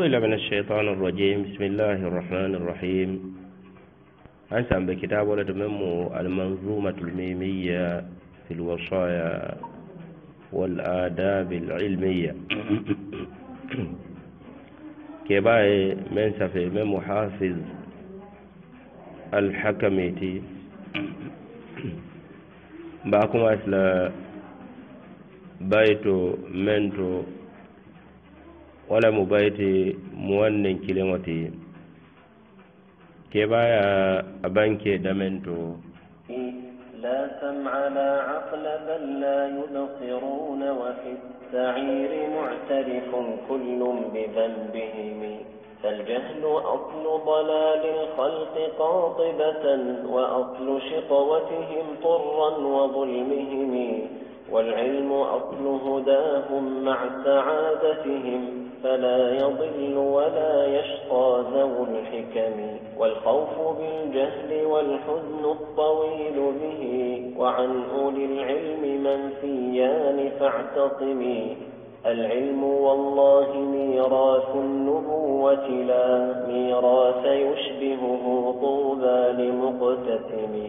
أعوذ من الشيطان الرجيم بسم الله الرحمن الرحيم أنسأم بكتاب ولتمم المنظومة الميمية في الوصايا والآداب العلمية كباي من سفي من محافظ الحكمت بعكم أسلى بيت منتو wala mu bayti كلمتي wannan kileŋo ti a banke لا سمع لا عقل بل لا يبصرون وفي السعير معترف كل بذنبهم فالجهل أصل ضلال الخلق قاطبة وأصل شقوتهم طرا وظلمهم والعلم أصل هداهم مع سعادتهم فلا يضل ولا يشقى ذو الحكم والخوف بالجهل والحزن الطويل به وعن أولي العلم منفيان فاعتصمي العلم والله ميراث النبوة لا ميراث يشبهه طوبى لمقتسم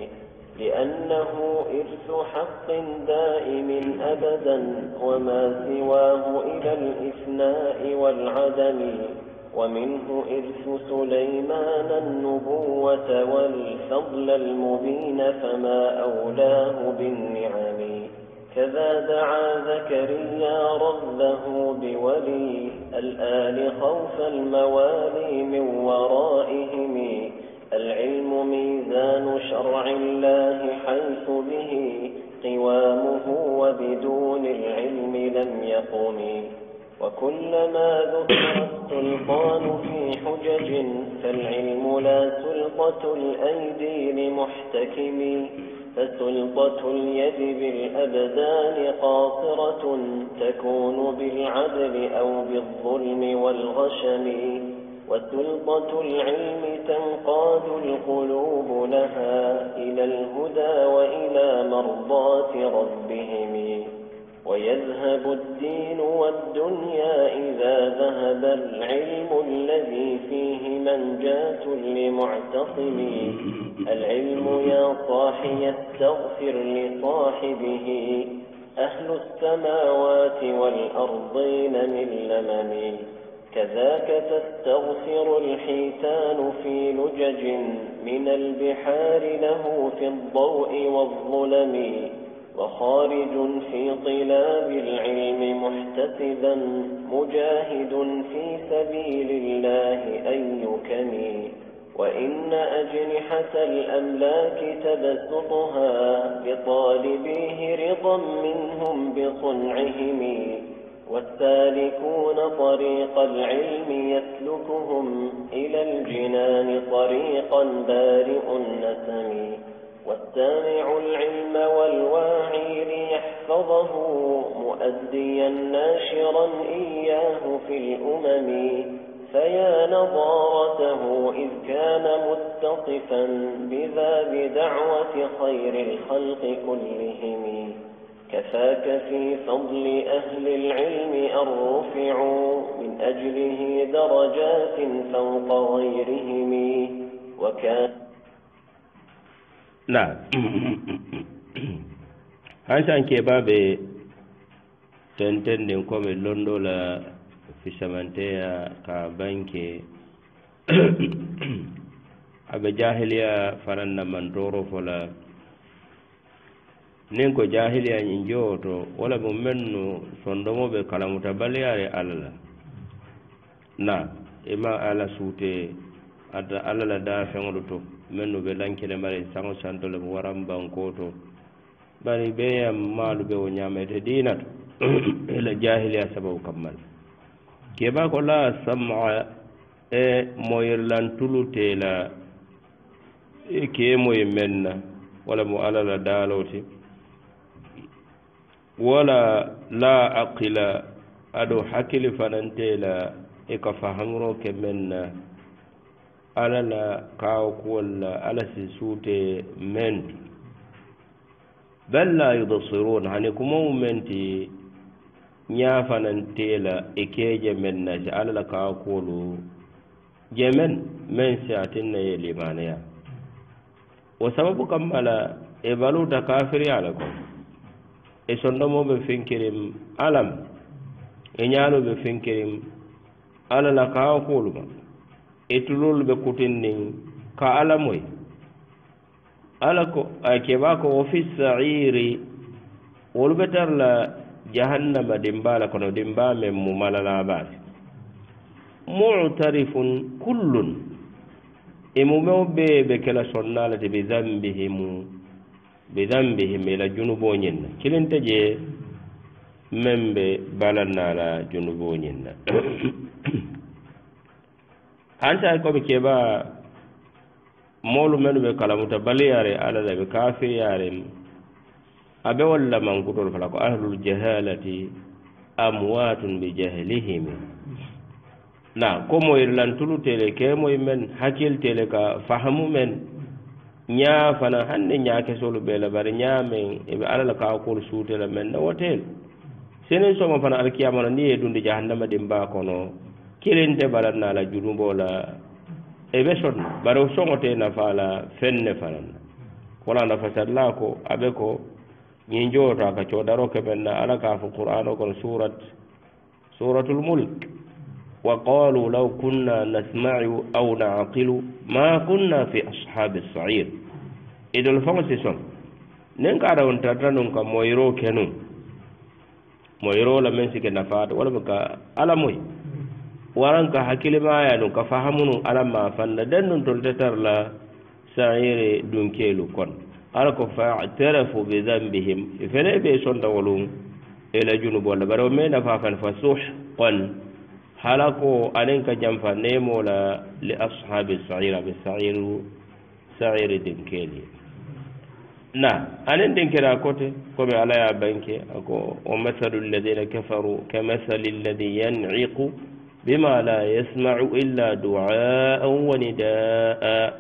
لأنه إرث حق دائم أبدا وما سواه إلى الإثناء والعدم ومنه إرث سليمان النبوة والفضل المبين فما أولاه بالنعم كذا دعا زكريا ربه بولي الآل خوف الموالي من ورائهم العلم ميزان شرع الله حيث به قوامه وبدون العلم لم يقم وكلما ذكر السلطان في حجج فالعلم لا سلطة الأيدي لمحتكم فسلطة اليد بالأبدان قاصرة تكون بالعدل أو بالظلم والغشم وسلطة العلم تنقاد القلوب لها إلى الهدى وإلى مرضاة ربهم ويذهب الدين والدنيا إذا ذهب العلم الذي فيه منجاة لمعتصم العلم يا صاحي استغفر لصاحبه أهل السماوات والأرضين من لمن كذاك تستغفر الحيتان في لجج من البحار له في الضوء والظلم وخارج في طلاب العلم محتسبا مجاهد في سبيل الله أن يكمي وإن أجنحة الأملاك تبسطها لطالبيه رضا منهم بصنعهم والسالكون طريق العلم يسلكهم إلى الجنان طريقا بارئ النسم والسامع العلم والواعي ليحفظه مؤديا ناشرا إياه في الأمم فيا نظارته إذ كان متصفا بذا بدعوة خير الخلق كلهم كفاك في فضل أهل العلم أن رفعوا من أجله درجات فوق غيرهم وكان نعم هل سأنك باب تنتن نقوم اللندولة في سمنتيا كابنك أبجاهليا جاهل فرن من رورو فلا nin ko jahiliya ñiŋ jowo to wo la mum meŋ nu sondomo be kalamuta baliyaari alla la na i e ma alla suute ata alla la daa feŋolu to meŋ nu be lankinemari saŋo santo le mu waraŋ bankoo to bari beyaŋ maalu be wo ñaama ite diina to i la jahiliya sababu kamma le keebaa ko la samaa e moyirlantulu te la i e kee moyi meŋ na wo la mu alla la daaloo ti wala la aqila aɗo hakkili fanantela e ka fahanro ke menna ala la kawkuwalla ala si suute menti bal la yubsiron hani kumawu menti ñafanantela e keje menna si ala la kawkuwolu jemen men si atinna ye limaneya wo sababu kammala e baluta kafiri ala kom e sonnomoɓe finkirim alam e ñaaloɓe finkirim alal kaakoluma e tululɓe kutin nin ka alamoy ala ko keɓa ko wo fi sa'iri woluɓe tarla jahannama dimbala kono dimbamen mu malalabaasi mutarifun kullun e mumeoɓe ɓe kela sonnalade be zambihi mu bidambihim ila junuboñinna kilinta je men be balannala junuboñinna hanta komi keɓa molu menu ɓe kalamuta baliyare ala la ɓe kafiyare aɓe walla mankutol fala ko ahlul jahalati amwatun bi jahlihimi na komoyr lantulutele kemoy men hakkiltele ka fahamu men ñaa fana hannde ñaakesolu ɓee la bare ñaa men eɓe ala la kaakol suute la men na woteelu senen soma fana alkiyamano ni ye dunde jahannama din mbaa kono kelente balanna la junumbo la eɓe sonna bare soŋote nafaa la fenne fananna wala nafa sallaa ko aɓe ko ñiŋ jooto a ka coodaro ke men na ala kaa fo qur'an o kono surat suratul mulk wa qaalu law kunna nasmau aw naaqilu ma kunna fi ashabi sa'ir idol faŋo si soŋ niŋ ka ara wontarta nuŋ ka moyiro kenuŋ moyiro la meŋ sike nafaata wala ma ka alla moyi waraŋ ka hakkilimaya nuŋ ka fahamunuŋ alla ma fanna den nuŋ tolta tara la sayire dunkeelu kono ala ko fa terafu bi zambihim fene be sonta woluŋ ila e junubo la bari o mei nafaa fani fa suhqon hala ko aniŋ ka janfa neemo la li ashabi sairabe sairu sairi dinkeeli na anen den kera kote komi ala ya banke ako wa masalu alladina kafaru ka masali alladi yaniqu bima la yasmau illa duaan wa nidaa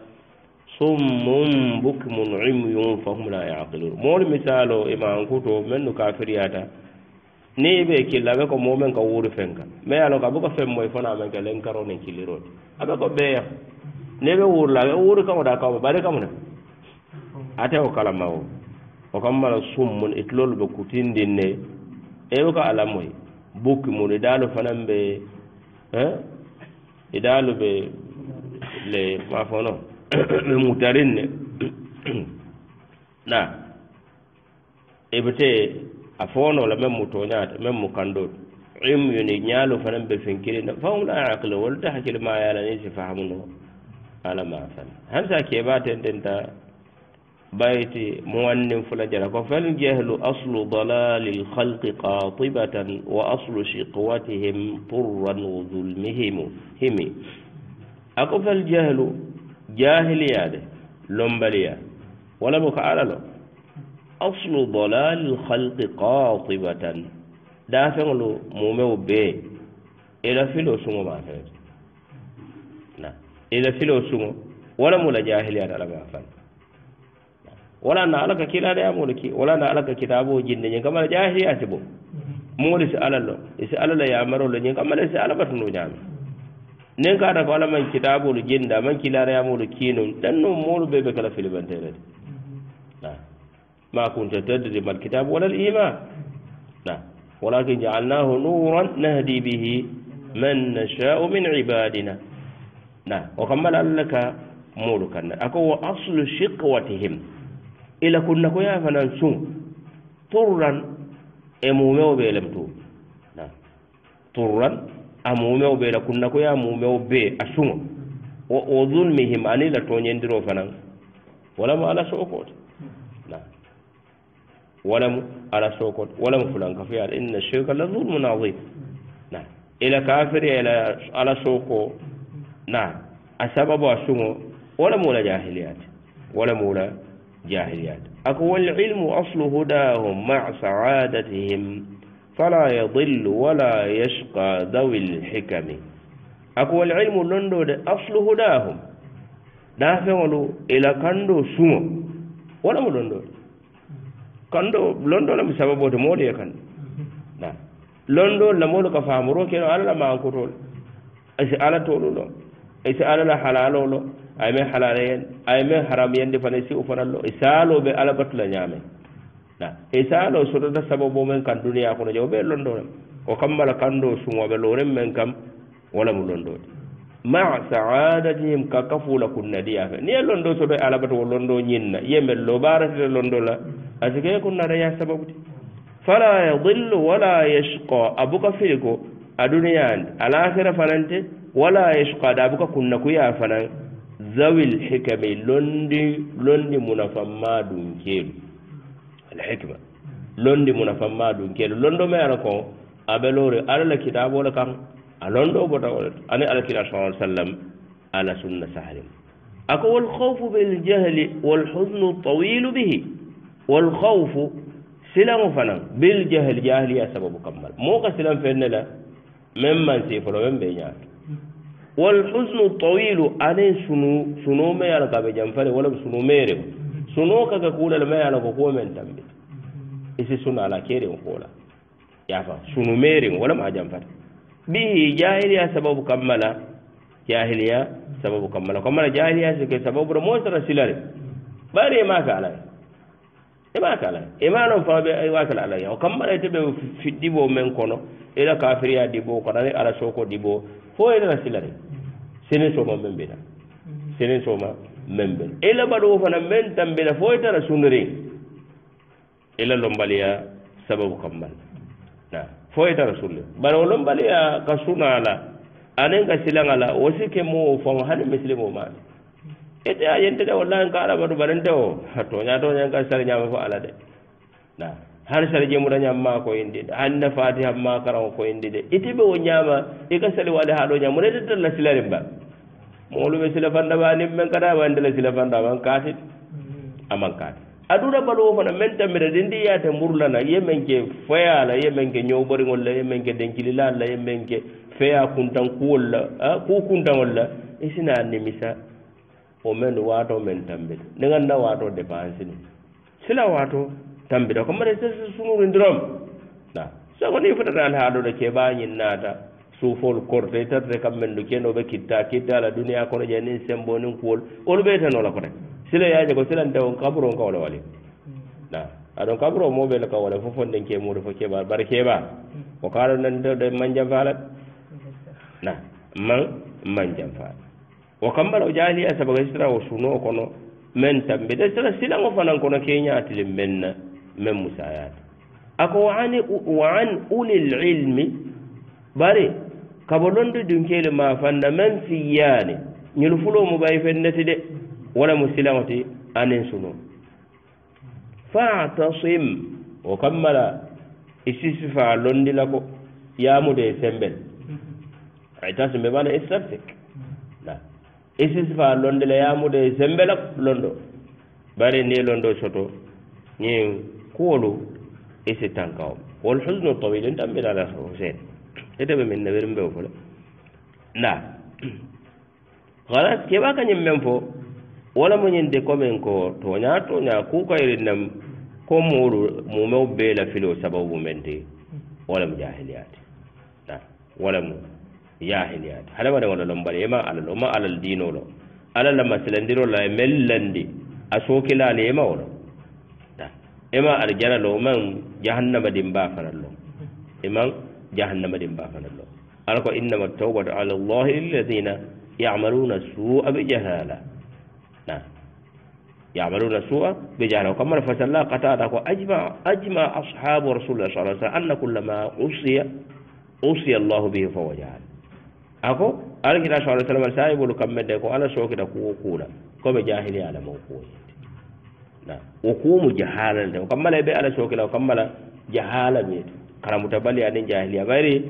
summum bukmun umyun fahum la yaqiluun moolu misalo ima e ankuto mennu kafiriyata ni ibe killa abe ko momen ka wuuri fenka ma ya lonko abuka fen moy e fona men ke len karo nen killiroti abe ko ɓeya ni ɓe wuurla ɓe wuuri kamo da kawma bade kamo ne ate o kalama o o kam mala summun itlolu ɓe kutindinne ewo ka e alamoy bukki mun idalu fanan ɓe idalu ɓe le ma fono ɓe mutarinne na ibete a fonola men mu toñata men mu kandoɗo im yoni ñaalu fanan ɓe finkirina fawum la acle wolta hakkille ma yalani si fahamuno alama fan han sa keɓa tenden ta bayte mo wannin fula jara ko fal jahlu aslu dalali lhalqi qatibatan wa aslu chiqwatihim turran wa zulmihimu himi ako fal jahlu jahiliyade lombaliya wala bo ko alalo aslu dalali lhalqi qatibatan dafeŋolu mumewo be ila filo suŋo ma fe na ila filo suŋo wala mula jahiliyade alama fan wala na alaka kila da mulki wala na alaka kitabo jinne nyen kamala jahi atibo muli si alalo isi alala ya maro lo nyen kamala si alaba tunu nyame nen ka da kala man kitabo lo jinda man kila da ya mulki nun dan no mulu be be kala filibantere na ma kunta tadri mal kitab wala al iman na ولكن جعلناه نورا نهدي به من نشاء من عبادنا نعم وكمل لك مولكنا أكو أصل شقوتهم ila kunna ko yafanan sun turran e mumewo ɓe lemtu turran a mumewo ɓe la kunna ko ya mumewo be a sugo o o zulmi him ani la toñendiro fanan walamu ala sookote walamu ala sookote walamu fulan ka fiyaa inna sheka la zulmun adim na ila kafiri ela ala sooko na a sababu a sugo walamu wola jahiliyaate walamu wola جاهليات أقوى العلم أصل هداهم مع سعادتهم فلا يضل ولا يشقى ذوي الحكم أقوى العلم لندو أصل هداهم دافعوا إلى كندو سمو ولا ملندو كندو لندو لم سببوت مولي كندو نعم لندو لمولو كفامرو كينو ألا ما أنكرول أسألة تولو أسألة حلالو aye men halala yen aye men haram yende fana si u fanan lo e saalo ɓe alabatula ñaamen na e saalo sodata sababu men kam duniya kono jawo ɓe londore o kammala kanndo sumoɓe loren men kam wala mo londode ma saadatihim ka kafula kunna diyafe ni e londo soɗo e alabata wo londo ñinna yemen lo ɓaratete londola asike kunna daya sababude fala yadillu wala yeshqa abuka firi ko a duniyande alahira fanante wala yeshqa da abuka kunna kuya fanan zawil hikame londi londi munafammaɗum keelu alhikma londi munafammaɗum keelu londo ma ala kon abelore alala kitabola kan a londo botawol ani ala kitab sa sallam ala sunna sahalim ako walhawfu biljahli walhusnu tawilu bihi walhawfu silamo fanan biljahli jahliya sababu kammal mo ka silam fennela men man sifolo men ɓe ñaato walhusnu tawilu anin sunu suno me yala kaɓe janfare walla suno mere suno kaka kuulal ma yala ko ko men tambit isi suno ala keren koola yafa suno merin walla ma janfare bihi jahiliya sababu kammala jahiliya sababu kammala kammala jahiliya sike sababu ra moosara silare ɓari e maaka alaye e maaka alaye e ma noon fawɓe waakala alaye o kammala ete ɓe fiɗɗiɓo men kono ila kafiriya diɓo kono ani ala soko diɓo fo enena silare senen sooma men mbeɗa senen sooma men mbeɗa elaɓaɗo o fana men tan mbeɗa fo tara sunnoren ela lombaliya sababu kammal na fo e tara sunne e e bara o lombaliya ka suna ala anen ka silaŋala wosi ke mo fan hani me silimo maani ete a yentede wallahi n ka alaɓaɗu barente o toña toñan ka sari ñaama fo ala de na hara sara jemuraiam ma ko yindi de anna fatiham ma karan ko yindi de itiɓe wo ñaama i e ka sali waɗi haɗo ñaam munede dalla silarin ba moolume sila fandamanin men kada aman dela sila fanda mm-hmm. aman kaati aman kaati aɗura baɗoo fana min tammira de ndi yaate murlana ye men ke feyala ye men ke ñowɓoriŋol la ye men ke denkililal la ye men ke feya kuntan kuwol la ku kuntaŋol la isina e nimisa o men wato men tambita ni ganda wato dépense ni sila wato tambita ko mbaɗa sese sunurindirom a so ko ni fotatan haa ɗoɗo keɓañin naata suufol korte tatate kam men du keno ɓe kitta kitta ala duniya kono je nin sembo nin kuwol olu ɓe tenola kote sila yaje ko silante on kaburo on kawle wali a aɗon kaburo moɓele kawle fof fonden kemuude fo keɓa mbaɗa keɓa ko kaalo nanteɗe manjam faalat na man manjam faalat wo kam mbaɗa o jaaliya sabaka sitara o suno kono men tambita sila silango fanan kono keñatilin men na men musayata ako waani wa an ulilcilmi bari kabo londo dunkele ma fanna man fiyyaani ñol fulo mo ɓay fennati de wala mo silaŋoti anin suno fatasim o kammala isisifa londi lako yamude sembel itasimbe mana istaftik isisifa londi la yamude sembela londo bari ni londo soto ñin kuwolu e si tanka o wol husnu tawil n tambi dala husen ete ɓe min nawirin ɓe fole nda halas keɓa kañin men fo wala muñinde komin ko toña toña kukayri nam ko muru mumew bela filo sababu men ti walam jahiliyati a walam jahiliyati hadamadeŋolo lombali ema alal oma alal dinolo alal la masilandirolla e mellandi a sokilani emawolo ema aljana lo man jahannama din bafanan lo eman jahannama din bafanan lo alako innama taubatu ala llahi lilladina yamaluna sua bijahala na yamaluna sua bijahala o kammara fasalla katata ko ajma ajma ashabu rasulillah sa alah sallam anna culla ma usiya usiya llahu bihi fawajahala ako alkita sa alah sallam sa yibolu kammede ko ala sokita kuwo kuuna komi jahili alamo kuwoyi ɗa wo kuomo jahala nde o kammala e ɓe ala sookila o kammala jahala ɓeeto kara mo tabali anen jahiliya ɓayri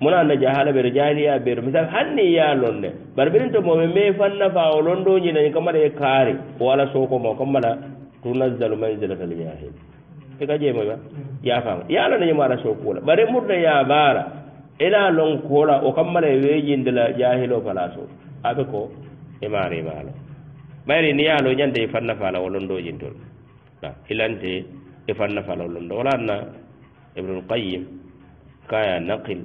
mona anna jahala ɓeeto jahiliya ɓeeto misal hanni ya lon nde bar ɓenen to momi mai fanna fa o londoñinani kammala e kaari o ala sookoma o kammala tunasdalu manzilatal jahil e ka jeemo ɓa yafama yalanañomo ala sookuola ɓare murda yabara ela lon kola o kammala e weejindela jahilo palaceo aɓe ko e maarimaalo e mayri ni yaalo ñande e fanna faala wolondojintol hilante e fanna faala wolondo wala anna ibnul qayim kaya naqil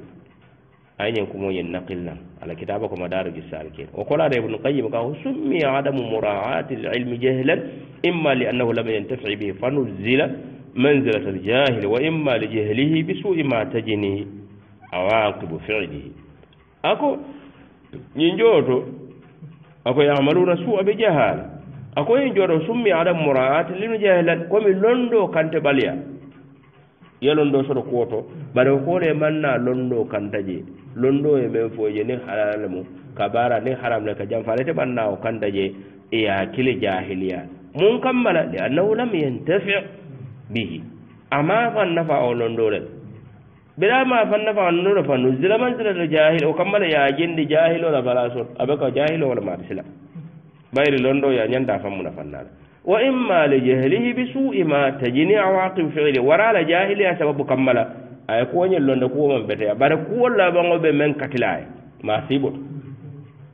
ayñen kumoñen naqil nan ala kitaba koma daaro gissaal kene wo kolaada ibnul qayim ka ho summiya adamu muraati lilmi jahlan imma li annahu lam yentafi bihi fanuzila manzilat aljahili wa imma li jahlihi bi suui ma tajinihi awaqibu filihi ako ñin jooto ako yamaluna suwa be jahala ako yin joɗo summi ala murat lino jahilat komi londo kante baliya ye londo soto kuwoto bare kole manna londo kanta je londo e men foje ni halala mu ka bara ni haram le ka janfalete manna o kanta je e ya kile jahiliya mun kammala li annahu lam yantafi bihi amma fan nafa o londo le biraama fanna fa anndu ro fanu silaman sila to jahilo o kammala yaajindi jahilo la balasol a ɓe ka jahilo wala maɓe sila bayri londo ya ñannda fammuna fannaala wa imma li jahlihi bi suui ma tajini awaqibe fiili warala jahili a sababu kammala aye kuwoñel londo kuwoman beteya bare kuwol laɓango ɓe men katilaye ma siiɓoto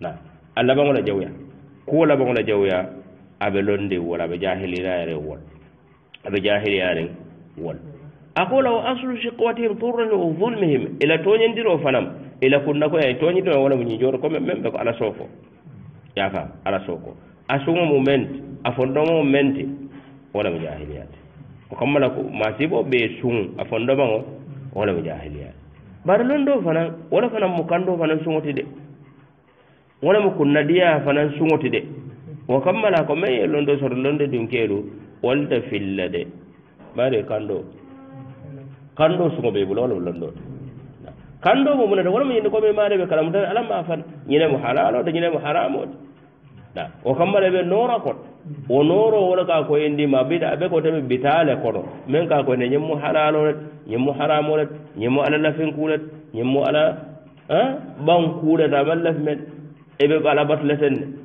na a laɓango la jawya kuwo laɓango la jawya aɓe londi wol aɓe jahilirare wol aɓe jahiliyaren wol akola o aslu sikkowatiro torrahe o volme heme ila toñandiro fanam ila kunna koye ay toñidima wona mo ñijoro comme membe ko ala soko yafa ala soko asuma mo mente a fondoma mo mente wona mo jahiliyate o kammala ko ma sibo ɓe sun a fondoma o wona mo jahiliyate bara non ɗo fanan wona fanan mo kando fanan sugoti de wona mo kunnadiya fanan sugoti de o kammala ko maye londo soto londo ɗum kelu wolda filla de bare kando kando kanɗo sugoɓe bulo wala londoɗe kando mo munata wala mo be maade be kala alam afan nyine mo halalo de nyine mo haramo da o kammala be noora ko o nooro wala ka ko yindi ma bida be ko bitale ko do men ka ko mo halalo koyne ñemmo halalolet ñemmo haramolet mo ala lafinkulet ñemmo ala ɓankulet aman laf men eɓe ala batleten ne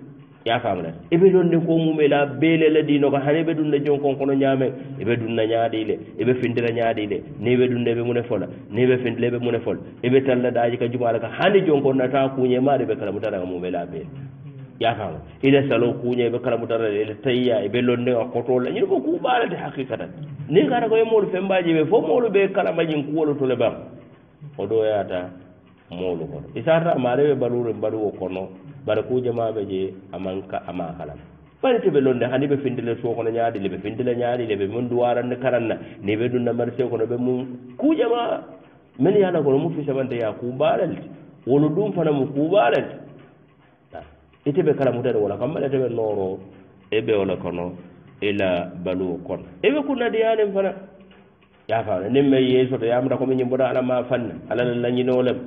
yafamrat eɓe ɗonne ko mumela beelela ɗinoko hane ɓe ɗumna jon kon kono ñaame eɓe ɗumna ñaaɗiile eɓe findira ñaaɗiile ni ɓe ɗumne ɓe mune fola ni ɓe findira ɓe mune fol eɓe talla daaji ka jumala ka hani jon kon nata kuñe maɗe ɓe kala mutaraga mumela beele yafama ila salo kuñe e ɓe kala mutara ele tayiya eɓe lonnega kotola ñin ko kuɓalate haqiqatan ni kata koye moolu fembaji ɓe fo moolu ɓe kalamañin kuwolotole ban o ɗo yata moolu kono isatata maɗeɓe baluren baɗuwo kono bara kuuje maɓe je amanka ama halam ɓarite ɓe londe hani ɓe findile sokono ñaadi leɓe findile ñaadi leɓe mundu waranne karanna ni ɓe ɗum namarse kono ɓe mum kuuje ma min yana kono mufisamante ya kuɓalelde wolu ɗum fana mu kuɓalelde ite ɓe kala mutede wona kamɓele teɓe nooro e ɓewle kono ila balu kono eɓe kunnadiyanin fana yafa nin me yeeso to yamata komi ñimboɗo alama fanna alalah lañinolema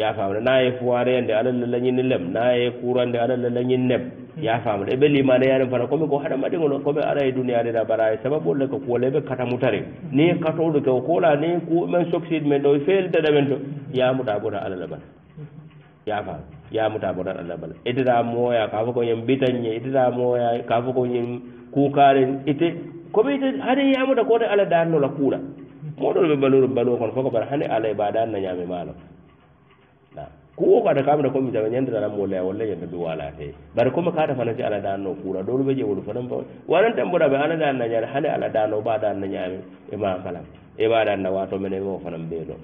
yafamaɗe naye foirende alalla lañini lem naye courande alalla lañin neb yafamaɗe eɓe limaneyaren fana comme ko haɗamaɗiŋono comme ara e duniyaɗe ɗa mbaɗa e sababolle ko kuwole ɓe katamutare ni katoɗo kew kola ni ku men soxide men ɗo feldaɗa men to yamuɗa bona alalla bala yafama yamuta bonan allah bala itata moya ka fo ko ñen mbitanñe itata moya ka fo ko ñen kukaren ite komi ite hade yamuta kode alah dannola kuuɗa moɗon ɓe baluru baluu kono fo ko mbaɗa hande alah e ba danna ñaami maalo ku o ɓata kam ta commisa ɓe ñandiraram mollaya walla ñande ɓe walate bare comme kata fana si ala danno kuura ɗo ɓe jewolu fana wanan tamboɗa ɓe ana danna ñaade hande ala danno ɓa danna ñaami e ma kalam e ɓa danna wato mene mo fana mbeelo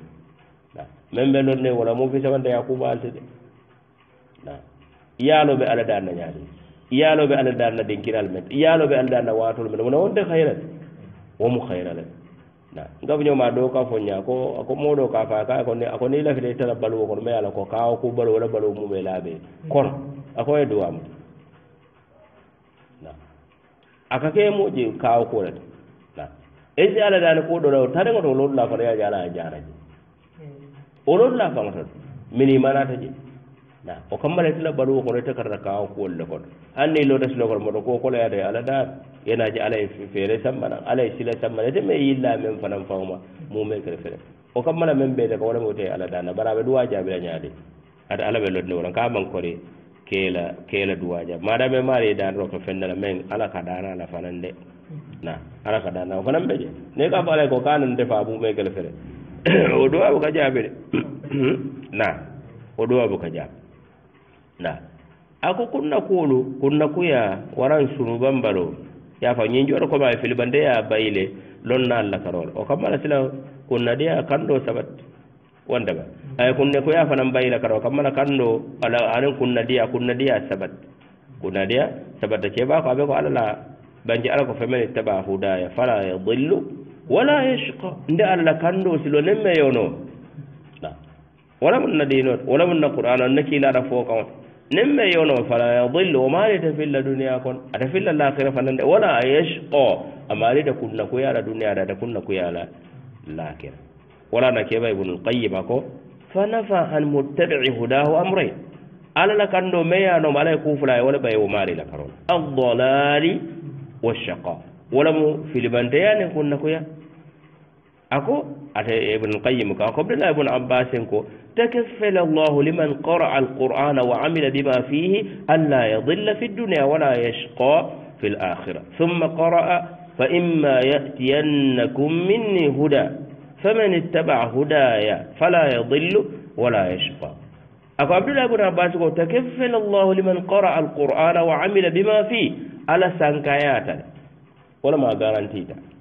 min ɓe lonne wola mo fi sawanta yakubaalte de a yaalo ɓe ala danna ñaade yaalo ɓe ala danna dinkiral men yaalo ɓe ala danna watol men wona wonde hayrat womo hayralee gabñoma ɗo ka foña ko ako moɗo ka fa ka ako ni lafide tara balowo kono mai ala ko kawo ku balowo la balowo mum e laaɓe kono ako e duwamu aka ke moƴƴi kawo kurete e si ala dani kuɗoɗa tariga to lotula fanayaji ala jaraji hmm. o lotula fanga tan minimanata ƴe na o kammala tila baluwo kono ita karata kawa kuwol le kono hanni lodasi lekono moto ko koloyata ala daar yenaji alay feere sambanan alay sila sambana ite ma yilla men fanan fawma mumen kere fere o kammala men ɓeyde ko walamo te ala dana baraɓe duwa jaɓira ñaade ata ala ɓe lodde wona kamankore keela keela duwa jaɓ maɗa me maari daanro ko fennala men ala ka dana ala fanan de na ala ka dana o fanan ɓeje ne ka fa alay ko kanan defa mumen kere fere o duwaɓe ka jaɓire na o duwaɓe ka jaɓ na a ko kunnakuolu kunnakuya waran sunu bambalo yafa ñiŋ jooto koma ye filibandeya bayile loŋ na alla karoola wo kamma la sila kunnadiya kando sabati wondema aye kunnekuya fanaŋ bayila karoo kamma la kando aniŋ kunnadiya kunnadiya sabati kunnadiya sabatta keɓaa ko a be ko alla la banji ala ko femeni taba hudaya fala yadillu wala yashka nde alla kando silo nen meyo no wala mun na diinoto wala mun na qur'ano nne kiilaata fo kaŋoto nin mai yono fala yadillu o maari ta filla duniya kon ata filla lakira fanande wala a yashqo a maari ta kunna kuyala duniya ata kunna kuyala lakira wala na keɓa ibnulqayima ko fa nafa an muttabii hudahu amrei alala kanndo meyanoma alaye kufulaye wala ɓaye wo maari lakarona addalali wa shaqa wala mo filibanteyanin kunna kuya أكو أتى ابن القيم قبل لا ابن عباس كو تكفل الله لمن قرأ القرآن وعمل بما فيه أن لا يضل في الدنيا ولا يشقى في الآخرة ثم قرأ فإما يأتينكم مني هدى فمن اتبع هدايا فلا يضل ولا يشقى أكو عبد الله ابن عباس كو تكفل الله لمن قرأ القرآن وعمل بما فيه ألا سانكاياتا ولا ما غارانتيتا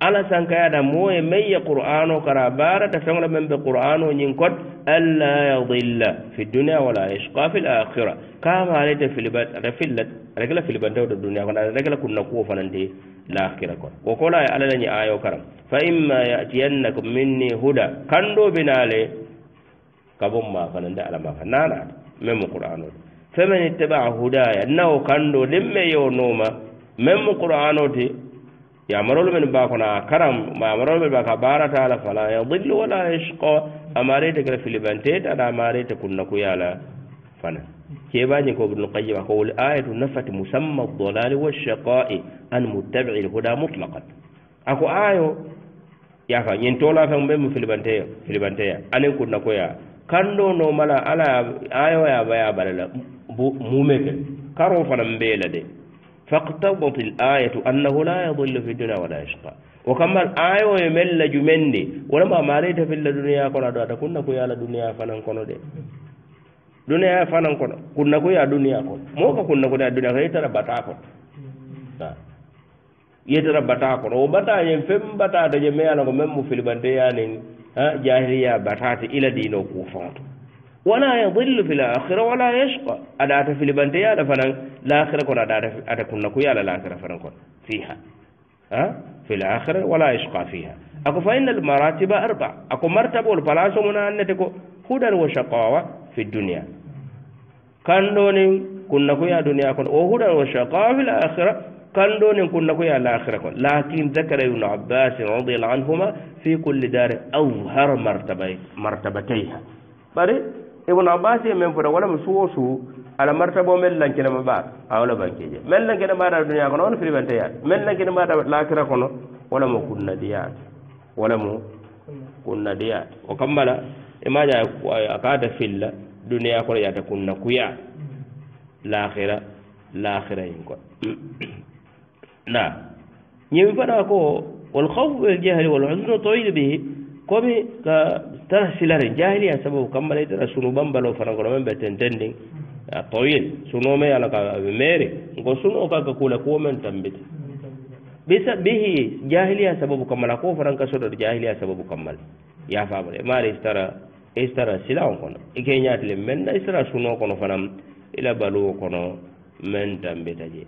ala sankayada moye man ye qur'ano kara barata feŋola man be qur'ano ñiŋ kot alla yadilla fi duniya wala yashka fi lakhira kama alete filiba refilla regla filibantewota duniya kono regla kunna kuwo fananti lakhira kono kokola ye alla la ñi ayo karam fa imma yatiyannakum minni huda kando binale kabon ma fananti alla ma fa nanata man mu qur'ano ti femen ittaba hudaya nawo kando limme yo noma man mu qur'ano ti yamarolu men bakona karam yamarolu men baka baratala fala yadillu wala yashqa amarete kra filibanteta aɗa amarete kunna kuyala fana kebañi ko ibnul qayima ko wol ayatu nafati musamma aldolali waalshaqai an muttabii lhuda mutlaqan ako ayo yaka ñin tola fen ɓe mo filibanteya filibanteya anin kunna koya kanndo no mala ala ayo yabayabalala mumeke karo fana mbeela de faqtabati l ayatu annahu la yadillu fi dunia wala yashka o kamma ayo e mella jumenni wonama maleyta filla duniya kono aɗo aɗa kunna koye ala duniya fanan kono de duniya fanan kono kunna koye a duniya kono moka kunna kode a duniya kono yettata bata kono yettata bata kono o bataien fen batata je mayalago men mo filibanteyanin jahiliya batate ila dino kufonto ولا يضل في الآخرة ولا يشقى ألا في لبنتي ألا فنان الآخرة كون أدا كنا كويا على الآخرة فنان فيها ها في الآخرة ولا يشقى فيها أكو فإن المراتب أربع أكو مرتب والبلاس من تكو هدى وشقاوة في الدنيا كان دوني كنا كويا دنيا كون وهدى وشقاوة في الآخرة كان دوني كنا كويا الآخرة كون لكن ذكر ابن عباس رضي الله عنهما في كل دار أظهر مرتبة مرتبتيها بري ibnu abbas ye men fota walamo suwo suu ala martabo men lankinama ɓaaɗa awola bankeje men lankina ɓaaɗa duniya kono wona firiwenteyaade men lankina ɓaaɗa laakira kono walamo kunna ɗiyaade walamo kunna ɗiyaade o kammala imaja e akaata filla duniya kono yata kunna kuya laakira laakira yin koɗ na ñemi faɗa ko wal hawfu wel jahali wal usnu tawil bihi komi ka tara silare jahiliya sababu kamɓala itara sunu bambalo farankono men ɓe ten denndin a toyel suno me ala ka aɓe mairi ngo suno kaka kuule kuwo men tambita ɓisa ɓihi jahiliya sababu kammala ko faranka soɗoɗo jahiliya sababu kammala yafaɓa ɗe maari istara istara sila on kono ikeñatile menna istara suno kono fanan ila baluwo kono men tambita je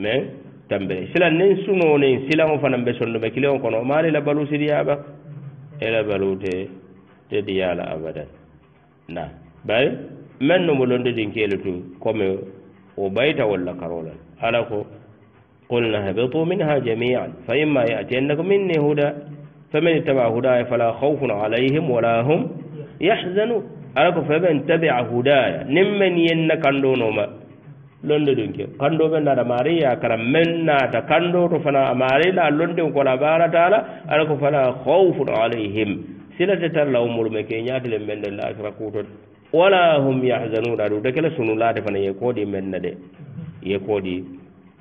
men tambita silan nin suno nin sila on fanan ɓe sonnuɓe kile on kono maari ila balu sidiyaɓa elabalute tedi yaala abadan na bari men no molon de din kelutu comme o bayta walla karolal ala ko qulna habitu minha jamian fa imma yatiannakum minni huda faman ittaba hudaya fala khawfun alayhim wala hum yahzanun ala ko faman tabi'a hudaya nimmen yenna kandonoma londe ɗum ke kanndo men naata maari yakara men naata kanndo to fana a maari la londe kola baarataala ala ko fana hawfun alayhim silate talla umurume ke ñaatilen men ndel laakira kuutot wala hum yahzanuna ɗum de kele sunu laate fana ye kooɗi men na de ye kooɗi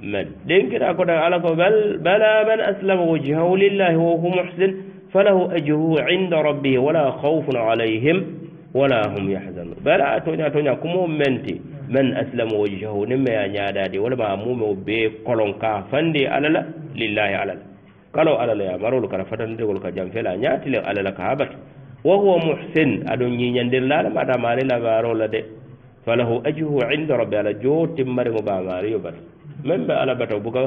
men ɗenkira kota ala ko bala man aslama wajhahu lillahi wa huwa muhsin falahu ajruhu inda rabbihi wala hawfun alayhim wala hum yahzanun bala toña toña kumo menti man aslama wajjahu ni maya ñaadaade walla ma mumeo bee kolon kaa fannde alala lillahi alala kalo alala ya marolu kara fatanndegol ka jam fela ñaatile alala ka habata wa huwa muhsin aɗon ñiiñanndel laala mata maari la maarola de falahu ajruhu inde rabbi ala jootimmari mo baamaari yo bata même ɓe ala bata buka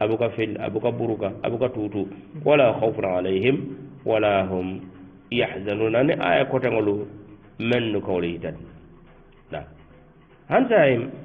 abuka fel abuka buruka abuka tuutu wala haufun alayhim wala hum yahzanuna ni aya kotengolu men nu kawle yitan enzyme